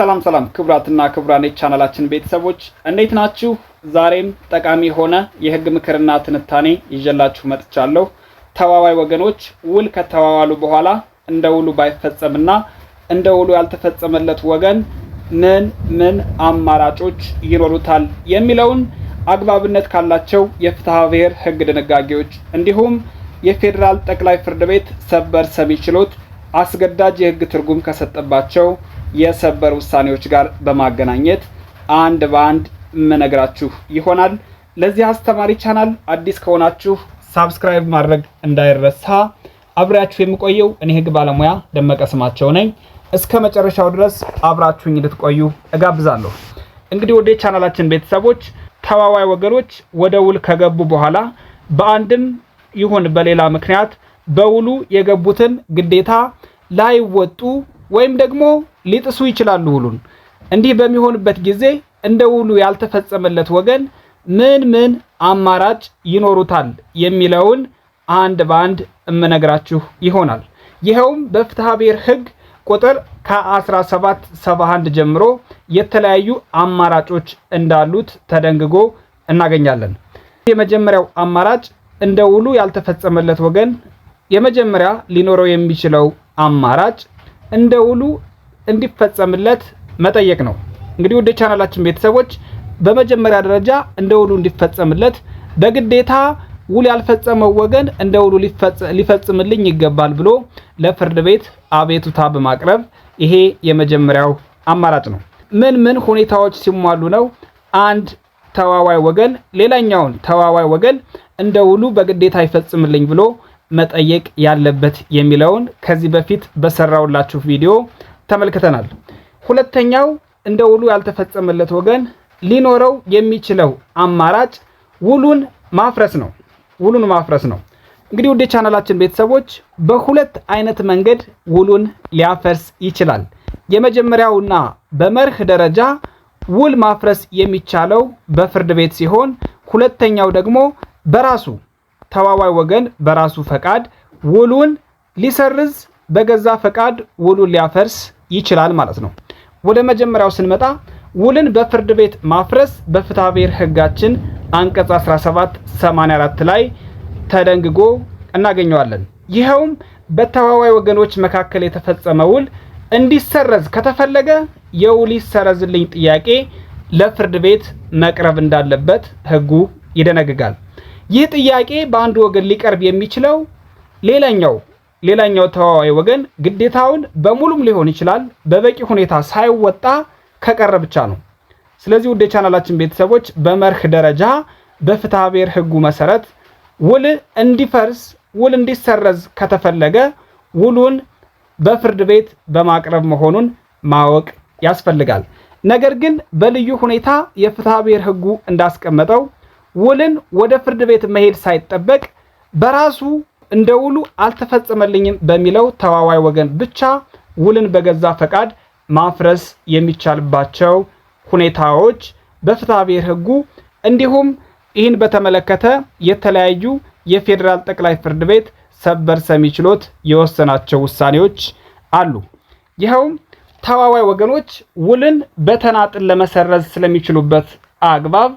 ሰላም ሰላም ክቡራትና ክቡራን የቻናላችን ቤተሰቦች እንዴት ናችሁ? ዛሬም ጠቃሚ የሆነ የህግ ምክርና ትንታኔ ይዤላችሁ መጥቻለሁ። ተዋዋይ ወገኖች ውል ከተዋዋሉ በኋላ እንደ ውሉ ባይፈጸምና እንደ ውሉ ያልተፈጸመለት ወገን ምን ምን አማራጮች ይኖሩታል የሚለውን አግባብነት ካላቸው የፍትሐ ብሔር ህግ ድንጋጌዎች እንዲሁም የፌዴራል ጠቅላይ ፍርድ ቤት ሰበር ሰሚ ችሎት አስገዳጅ የህግ ትርጉም ከሰጠባቸው የሰበር ውሳኔዎች ጋር በማገናኘት አንድ በአንድ የምነግራችሁ ይሆናል። ለዚህ አስተማሪ ቻናል አዲስ ከሆናችሁ ሳብስክራይብ ማድረግ እንዳይረሳ። አብሬያችሁ የምቆየው እኔ ህግ ባለሙያ ደመቀ ስማቸው ነኝ። እስከ መጨረሻው ድረስ አብራችሁኝ እንድትቆዩ እጋብዛለሁ። እንግዲህ ወደ ቻናላችን ቤተሰቦች ተዋዋይ ወገኖች ወደ ውል ከገቡ በኋላ በአንድም ይሁን በሌላ ምክንያት በውሉ የገቡትን ግዴታ ላይወጡ ወይም ደግሞ ሊጥሱ ይችላሉ ውሉን። እንዲህ በሚሆንበት ጊዜ እንደ ውሉ ያልተፈጸመለት ወገን ምን ምን አማራጭ ይኖሩታል የሚለውን አንድ በአንድ እምነግራችሁ ይሆናል። ይኸውም በፍትሐ ብሔር ህግ ቁጥር ከ1771 ጀምሮ የተለያዩ አማራጮች እንዳሉት ተደንግጎ እናገኛለን። የመጀመሪያው አማራጭ እንደ ውሉ ያልተፈጸመለት ወገን የመጀመሪያ ሊኖረው የሚችለው አማራጭ እንደ ውሉ እንዲፈጸምለት መጠየቅ ነው። እንግዲህ ወደ ቻናላችን ቤተሰቦች በመጀመሪያ ደረጃ እንደ ውሉ እንዲፈጸምለት በግዴታ ውል ያልፈጸመው ወገን እንደ ውሉ ሊፈጽምልኝ ይገባል ብሎ ለፍርድ ቤት አቤቱታ በማቅረብ ይሄ የመጀመሪያው አማራጭ ነው። ምን ምን ሁኔታዎች ሲሟሉ ነው አንድ ተዋዋይ ወገን ሌላኛውን ተዋዋይ ወገን እንደ ውሉ በግዴታ ይፈጽምልኝ ብሎ መጠየቅ ያለበት የሚለውን ከዚህ በፊት በሰራውላችሁ ቪዲዮ ተመልክተናል። ሁለተኛው እንደ ውሉ ያልተፈጸመለት ወገን ሊኖረው የሚችለው አማራጭ ውሉን ማፍረስ ነው። ውሉን ማፍረስ ነው። እንግዲህ ውድ ቻናላችን ቤተሰቦች በሁለት አይነት መንገድ ውሉን ሊያፈርስ ይችላል። የመጀመሪያውና በመርህ ደረጃ ውል ማፍረስ የሚቻለው በፍርድ ቤት ሲሆን፣ ሁለተኛው ደግሞ በራሱ ተዋዋይ ወገን በራሱ ፈቃድ ውሉን ሊሰርዝ በገዛ ፈቃድ ውሉን ሊያፈርስ ይችላል ማለት ነው። ወደ መጀመሪያው ስንመጣ ውልን በፍርድ ቤት ማፍረስ በፍታብሔር ህጋችን ሕጋችን አንቀጽ 1784 ላይ ተደንግጎ እናገኘዋለን። ይኸውም በተዋዋይ ወገኖች መካከል የተፈጸመ ውል እንዲሰረዝ ከተፈለገ የውል ይሰረዝልኝ ጥያቄ ለፍርድ ቤት መቅረብ እንዳለበት ሕጉ ይደነግጋል። ይህ ጥያቄ በአንድ ወገን ሊቀርብ የሚችለው ሌላኛው ሌላኛው ተዋዋይ ወገን ግዴታውን በሙሉም ሊሆን ይችላል በበቂ ሁኔታ ሳይወጣ ከቀረ ብቻ ነው። ስለዚህ ውድ የቻናላችን ቤተሰቦች በመርህ ደረጃ በፍትሐ ብሔር ሕጉ መሰረት ውል እንዲፈርስ ውል እንዲሰረዝ ከተፈለገ ውሉን በፍርድ ቤት በማቅረብ መሆኑን ማወቅ ያስፈልጋል። ነገር ግን በልዩ ሁኔታ የፍትሐ ብሔር ሕጉ እንዳስቀመጠው ውልን ወደ ፍርድ ቤት መሄድ ሳይጠበቅ በራሱ እንደ ውሉ አልተፈጸመልኝም በሚለው ተዋዋይ ወገን ብቻ ውልን በገዛ ፈቃድ ማፍረስ የሚቻልባቸው ሁኔታዎች ብሔር ሕጉ እንዲሁም ይህን በተመለከተ የተለያዩ የፌዴራል ጠቅላይ ፍርድ ቤት ሰበር ሰሚ ችሎት የወሰናቸው ውሳኔዎች አሉ። ይኸውም ተዋዋይ ወገኖች ውልን በተናጥል ለመሰረዝ ስለሚችሉበት አግባብ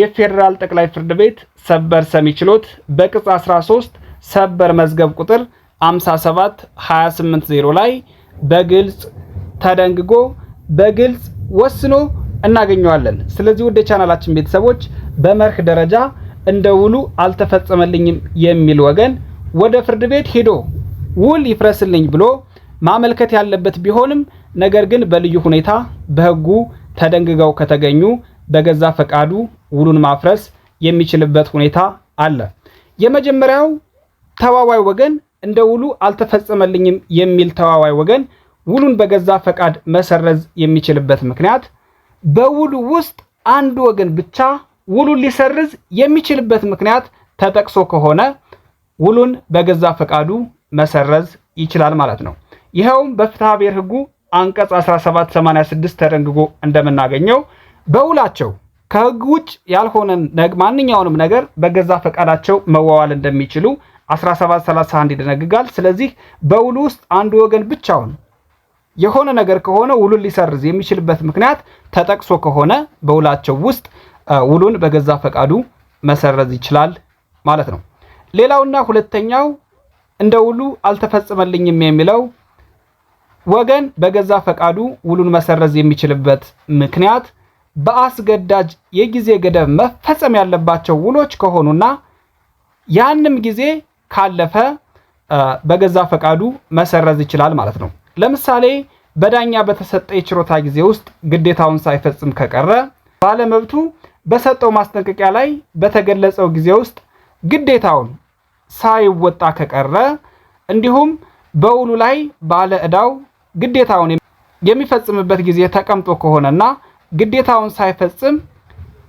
የፌዴራል ጠቅላይ ፍርድ ቤት ሰበር ሰሚ ችሎት በቅጽ 13 ሰበር መዝገብ ቁጥር 57 280 ላይ በግልጽ ተደንግጎ በግልጽ ወስኖ እናገኘዋለን። ስለዚህ ወደ ቻናላችን ቤተሰቦች በመርህ ደረጃ እንደ ውሉ አልተፈጸመልኝም የሚል ወገን ወደ ፍርድ ቤት ሄዶ ውል ይፍረስልኝ ብሎ ማመልከት ያለበት ቢሆንም ነገር ግን በልዩ ሁኔታ በህጉ ተደንግገው ከተገኙ በገዛ ፈቃዱ ውሉን ማፍረስ የሚችልበት ሁኔታ አለ። የመጀመሪያው ተዋዋይ ወገን እንደ ውሉ አልተፈጸመልኝም የሚል ተዋዋይ ወገን ውሉን በገዛ ፈቃድ መሰረዝ የሚችልበት ምክንያት በውሉ ውስጥ አንድ ወገን ብቻ ውሉን ሊሰርዝ የሚችልበት ምክንያት ተጠቅሶ ከሆነ ውሉን በገዛ ፈቃዱ መሰረዝ ይችላል ማለት ነው። ይኸውም በፍትሐ ብሔር ሕጉ አንቀጽ 1786 ተደንግጎ እንደምናገኘው በውላቸው ከህግ ውጭ ያልሆነን ማንኛውንም ነገር በገዛ ፈቃዳቸው መዋዋል እንደሚችሉ 1731 ይደነግጋል። ስለዚህ በውሉ ውስጥ አንዱ ወገን ብቻውን የሆነ ነገር ከሆነ ውሉን ሊሰርዝ የሚችልበት ምክንያት ተጠቅሶ ከሆነ በውላቸው ውስጥ ውሉን በገዛ ፈቃዱ መሰረዝ ይችላል ማለት ነው። ሌላውና ሁለተኛው እንደ ውሉ አልተፈጸመልኝም የሚለው ወገን በገዛ ፈቃዱ ውሉን መሰረዝ የሚችልበት ምክንያት በአስገዳጅ የጊዜ ገደብ መፈጸም ያለባቸው ውሎች ከሆኑና ያንም ጊዜ ካለፈ በገዛ ፈቃዱ መሰረዝ ይችላል ማለት ነው። ለምሳሌ በዳኛ በተሰጠ የችሮታ ጊዜ ውስጥ ግዴታውን ሳይፈጽም ከቀረ ባለመብቱ በሰጠው ማስጠንቀቂያ ላይ በተገለጸው ጊዜ ውስጥ ግዴታውን ሳይወጣ ከቀረ እንዲሁም በውሉ ላይ ባለ ዕዳው ግዴታውን የሚፈጽምበት ጊዜ ተቀምጦ ከሆነና ግዴታውን ሳይፈጽም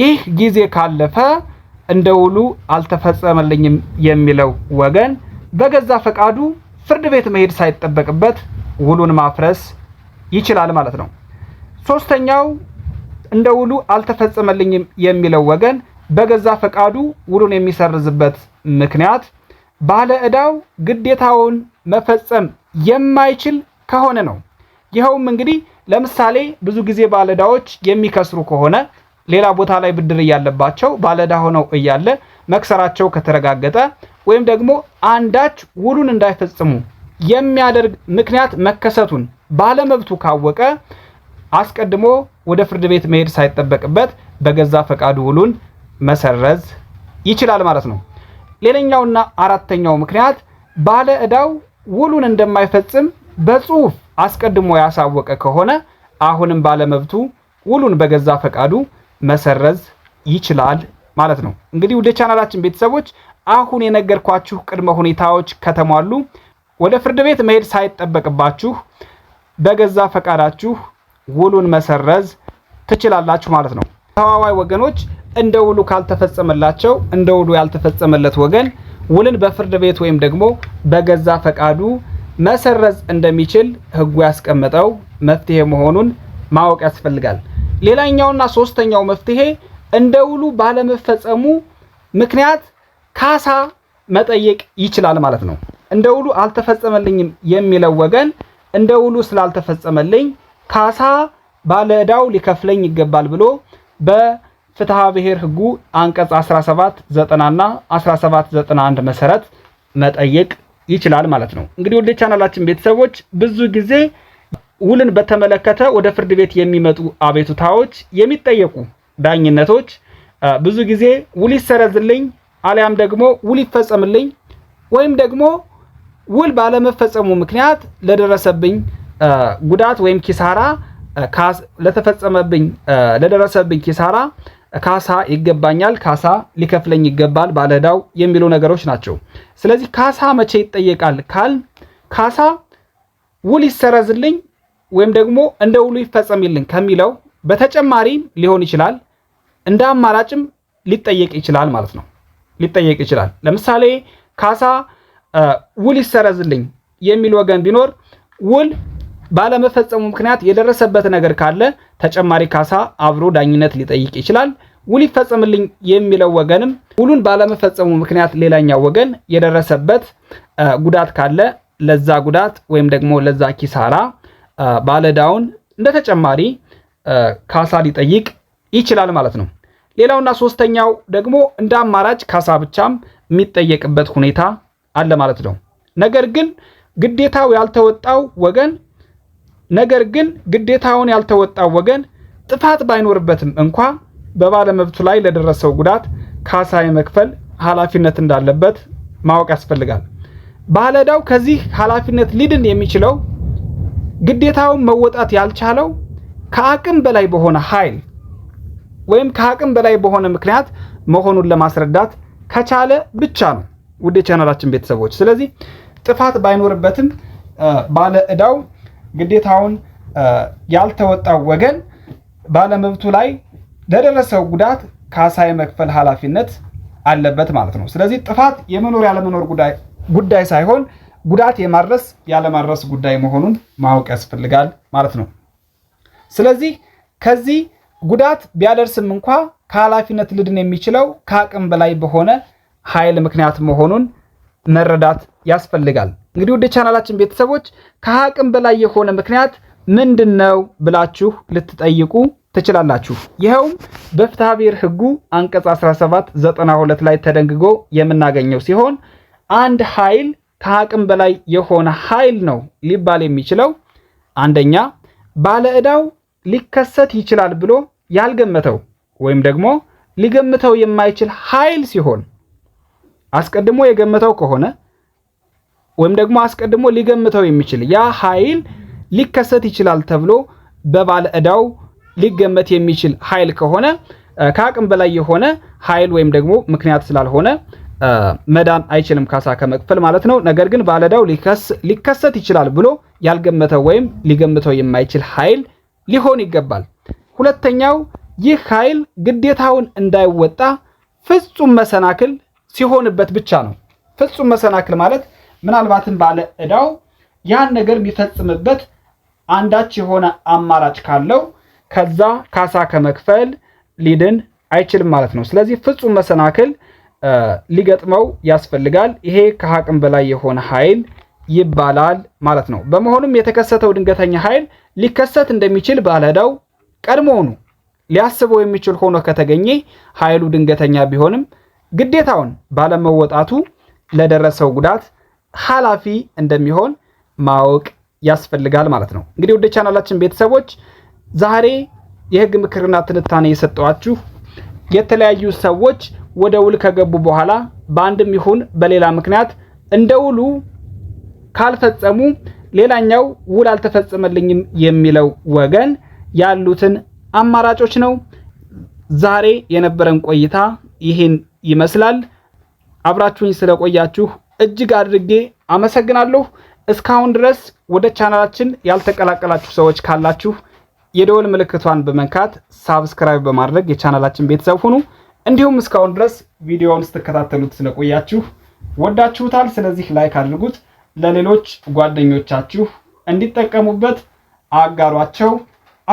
ይህ ጊዜ ካለፈ እንደ ውሉ አልተፈጸመልኝም የሚለው ወገን በገዛ ፈቃዱ ፍርድ ቤት መሄድ ሳይጠበቅበት ውሉን ማፍረስ ይችላል ማለት ነው። ሶስተኛው እንደ ውሉ አልተፈጸመልኝም የሚለው ወገን በገዛ ፈቃዱ ውሉን የሚሰርዝበት ምክንያት ባለ ዕዳው ግዴታውን መፈጸም የማይችል ከሆነ ነው። ይኸውም እንግዲህ ለምሳሌ ብዙ ጊዜ ባለዕዳዎች የሚከስሩ ከሆነ ሌላ ቦታ ላይ ብድር እያለባቸው ባለዕዳ ሆነው እያለ መክሰራቸው ከተረጋገጠ ወይም ደግሞ አንዳች ውሉን እንዳይፈጽሙ የሚያደርግ ምክንያት መከሰቱን ባለመብቱ ካወቀ አስቀድሞ ወደ ፍርድ ቤት መሄድ ሳይጠበቅበት በገዛ ፈቃዱ ውሉን መሰረዝ ይችላል ማለት ነው። ሌላኛውና አራተኛው ምክንያት ባለ ዕዳው ውሉን እንደማይፈጽም በጽሁፍ አስቀድሞ ያሳወቀ ከሆነ አሁንም ባለመብቱ ውሉን በገዛ ፈቃዱ መሰረዝ ይችላል ማለት ነው። እንግዲህ ወደ ቻናላችን ቤተሰቦች አሁን የነገርኳችሁ ቅድመ ሁኔታዎች ከተሟሉ ወደ ፍርድ ቤት መሄድ ሳይጠበቅባችሁ በገዛ ፈቃዳችሁ ውሉን መሰረዝ ትችላላችሁ ማለት ነው። ተዋዋይ ወገኖች እንደ ውሉ ካልተፈጸመላቸው እንደ ውሉ ያልተፈጸመለት ወገን ውልን በፍርድ ቤት ወይም ደግሞ በገዛ ፈቃዱ መሰረዝ እንደሚችል ህጉ ያስቀመጠው መፍትሄ መሆኑን ማወቅ ያስፈልጋል። ሌላኛውና ሶስተኛው መፍትሄ እንደ ውሉ ባለመፈጸሙ ምክንያት ካሳ መጠየቅ ይችላል ማለት ነው። እንደ ውሉ አልተፈጸመልኝም የሚለው ወገን እንደ ውሉ ስላልተፈጸመልኝ ካሳ ባለዕዳው ሊከፍለኝ ይገባል ብሎ በፍትሐ ብሔር ህጉ አንቀጽ 1790 እና 1791 መሰረት መጠየቅ ይችላል ማለት ነው። እንግዲህ ወደ ቻናላችን ቤተሰቦች ብዙ ጊዜ ውልን በተመለከተ ወደ ፍርድ ቤት የሚመጡ አቤቱታዎች የሚጠየቁ ዳኝነቶች ብዙ ጊዜ ውል ይሰረዝልኝ አሊያም ደግሞ ውል ይፈጸምልኝ ወይም ደግሞ ውል ባለመፈጸሙ ምክንያት ለደረሰብኝ ጉዳት ወይም ኪሳራ ለተፈጸመብኝ ለደረሰብኝ ኪሳራ ካሳ ይገባኛል፣ ካሳ ሊከፍለኝ ይገባል ባለዕዳው የሚሉ ነገሮች ናቸው። ስለዚህ ካሳ መቼ ይጠየቃል ካል ካሳ ውል ይሰረዝልኝ ወይም ደግሞ እንደ ውሉ ይፈጸምልኝ ከሚለው በተጨማሪ ሊሆን ይችላል፣ እንደ አማራጭም ሊጠየቅ ይችላል ማለት ነው። ሊጠየቅ ይችላል። ለምሳሌ ካሳ ውል ይሰረዝልኝ የሚል ወገን ቢኖር ውል ባለመፈጸሙ ምክንያት የደረሰበት ነገር ካለ ተጨማሪ ካሳ አብሮ ዳኝነት ሊጠይቅ ይችላል። ውል ይፈጸምልኝ የሚለው ወገንም ውሉን ባለመፈጸሙ ምክንያት ሌላኛው ወገን የደረሰበት ጉዳት ካለ ለዛ ጉዳት ወይም ደግሞ ለዛ ኪሳራ ባለዳውን እንደ ተጨማሪ ካሳ ሊጠይቅ ይችላል ማለት ነው። ሌላውና ሶስተኛው ደግሞ እንደ አማራጭ ካሳ ብቻም የሚጠየቅበት ሁኔታ አለ ማለት ነው። ነገር ግን ግዴታው ያልተወጣው ወገን ነገር ግን ግዴታውን ያልተወጣው ወገን ጥፋት ባይኖርበትም እንኳ በባለመብቱ ላይ ለደረሰው ጉዳት ካሳ የመክፈል ኃላፊነት እንዳለበት ማወቅ ያስፈልጋል። ባለዕዳው ከዚህ ኃላፊነት ሊድን የሚችለው ግዴታውን መወጣት ያልቻለው ከአቅም በላይ በሆነ ኃይል ወይም ከአቅም በላይ በሆነ ምክንያት መሆኑን ለማስረዳት ከቻለ ብቻ ነው። ውድ የቻናላችን ቤተሰቦች፣ ስለዚህ ጥፋት ባይኖርበትም ባለ እዳው ግዴታውን ያልተወጣው ወገን ባለመብቱ ላይ ለደረሰው ጉዳት ካሳ የመክፈል ኃላፊነት አለበት ማለት ነው። ስለዚህ ጥፋት የመኖር ያለመኖር ጉዳይ ሳይሆን ጉዳት የማድረስ ያለማድረስ ጉዳይ መሆኑን ማወቅ ያስፈልጋል ማለት ነው። ስለዚህ ከዚህ ጉዳት ቢያደርስም እንኳ ከኃላፊነት ልድን የሚችለው ከአቅም በላይ በሆነ ኃይል ምክንያት መሆኑን መረዳት ያስፈልጋል። እንግዲህ ወደ ቻናላችን ቤተሰቦች ከአቅም በላይ የሆነ ምክንያት ምንድን ነው ብላችሁ ልትጠይቁ ትችላላችሁ። ይኸውም በፍትሐ ብሔር ሕጉ አንቀጽ 17 92 ላይ ተደንግጎ የምናገኘው ሲሆን አንድ ኃይል ከአቅም በላይ የሆነ ኃይል ነው ሊባል የሚችለው አንደኛ ዕዳው ሊከሰት ይችላል ብሎ ያልገመተው ወይም ደግሞ ሊገምተው የማይችል ኃይል ሲሆን አስቀድሞ የገመተው ከሆነ ወይም ደግሞ አስቀድሞ ሊገምተው የሚችል ያ ኃይል ሊከሰት ይችላል ተብሎ በባለ እዳው ሊገመት የሚችል ኃይል ከሆነ ከአቅም በላይ የሆነ ኃይል ወይም ደግሞ ምክንያት ስላልሆነ መዳን አይችልም ካሳ ከመክፈል ማለት ነው። ነገር ግን ባለዕዳው ሊከሰት ይችላል ብሎ ያልገመተው ወይም ሊገምተው የማይችል ኃይል ሊሆን ይገባል። ሁለተኛው ይህ ኃይል ግዴታውን እንዳይወጣ ፍጹም መሰናክል ሲሆንበት ብቻ ነው። ፍጹም መሰናክል ማለት ምናልባትም ባለ ዕዳው ያን ነገር የሚፈጽምበት አንዳች የሆነ አማራጭ ካለው ከዛ ካሳ ከመክፈል ሊድን አይችልም ማለት ነው። ስለዚህ ፍጹም መሰናክል ሊገጥመው ያስፈልጋል። ይሄ ከአቅም በላይ የሆነ ኃይል ይባላል ማለት ነው። በመሆኑም የተከሰተው ድንገተኛ ኃይል ሊከሰት እንደሚችል ባለዕዳው ቀድሞውኑ ሊያስበው የሚችል ሆኖ ከተገኘ ኃይሉ ድንገተኛ ቢሆንም ግዴታውን ባለመወጣቱ ለደረሰው ጉዳት ኃላፊ እንደሚሆን ማወቅ ያስፈልጋል ማለት ነው። እንግዲህ ወደ ቻናላችን ቤተሰቦች ዛሬ የህግ ምክርና ትንታኔ የሰጠዋችሁ የተለያዩ ሰዎች ወደ ውል ከገቡ በኋላ በአንድም ይሁን በሌላ ምክንያት እንደ ውሉ ካልፈጸሙ ሌላኛው ውል አልተፈጸመልኝም የሚለው ወገን ያሉትን አማራጮች ነው። ዛሬ የነበረን ቆይታ ይህን ይመስላል። አብራችሁኝ ስለቆያችሁ እጅግ አድርጌ አመሰግናለሁ። እስካሁን ድረስ ወደ ቻናላችን ያልተቀላቀላችሁ ሰዎች ካላችሁ የደወል ምልክቷን በመንካት ሳብስክራይብ በማድረግ የቻናላችን ቤተሰብ ሁኑ። እንዲሁም እስካሁን ድረስ ቪዲዮውን ስትከታተሉት ስለቆያችሁ ወዳችሁታል። ስለዚህ ላይክ አድርጉት፣ ለሌሎች ጓደኞቻችሁ እንዲጠቀሙበት አጋሯቸው።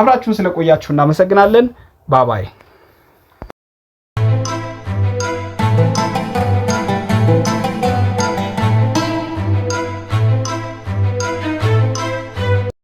አብራችሁን ስለቆያችሁ እናመሰግናለን። ባባይ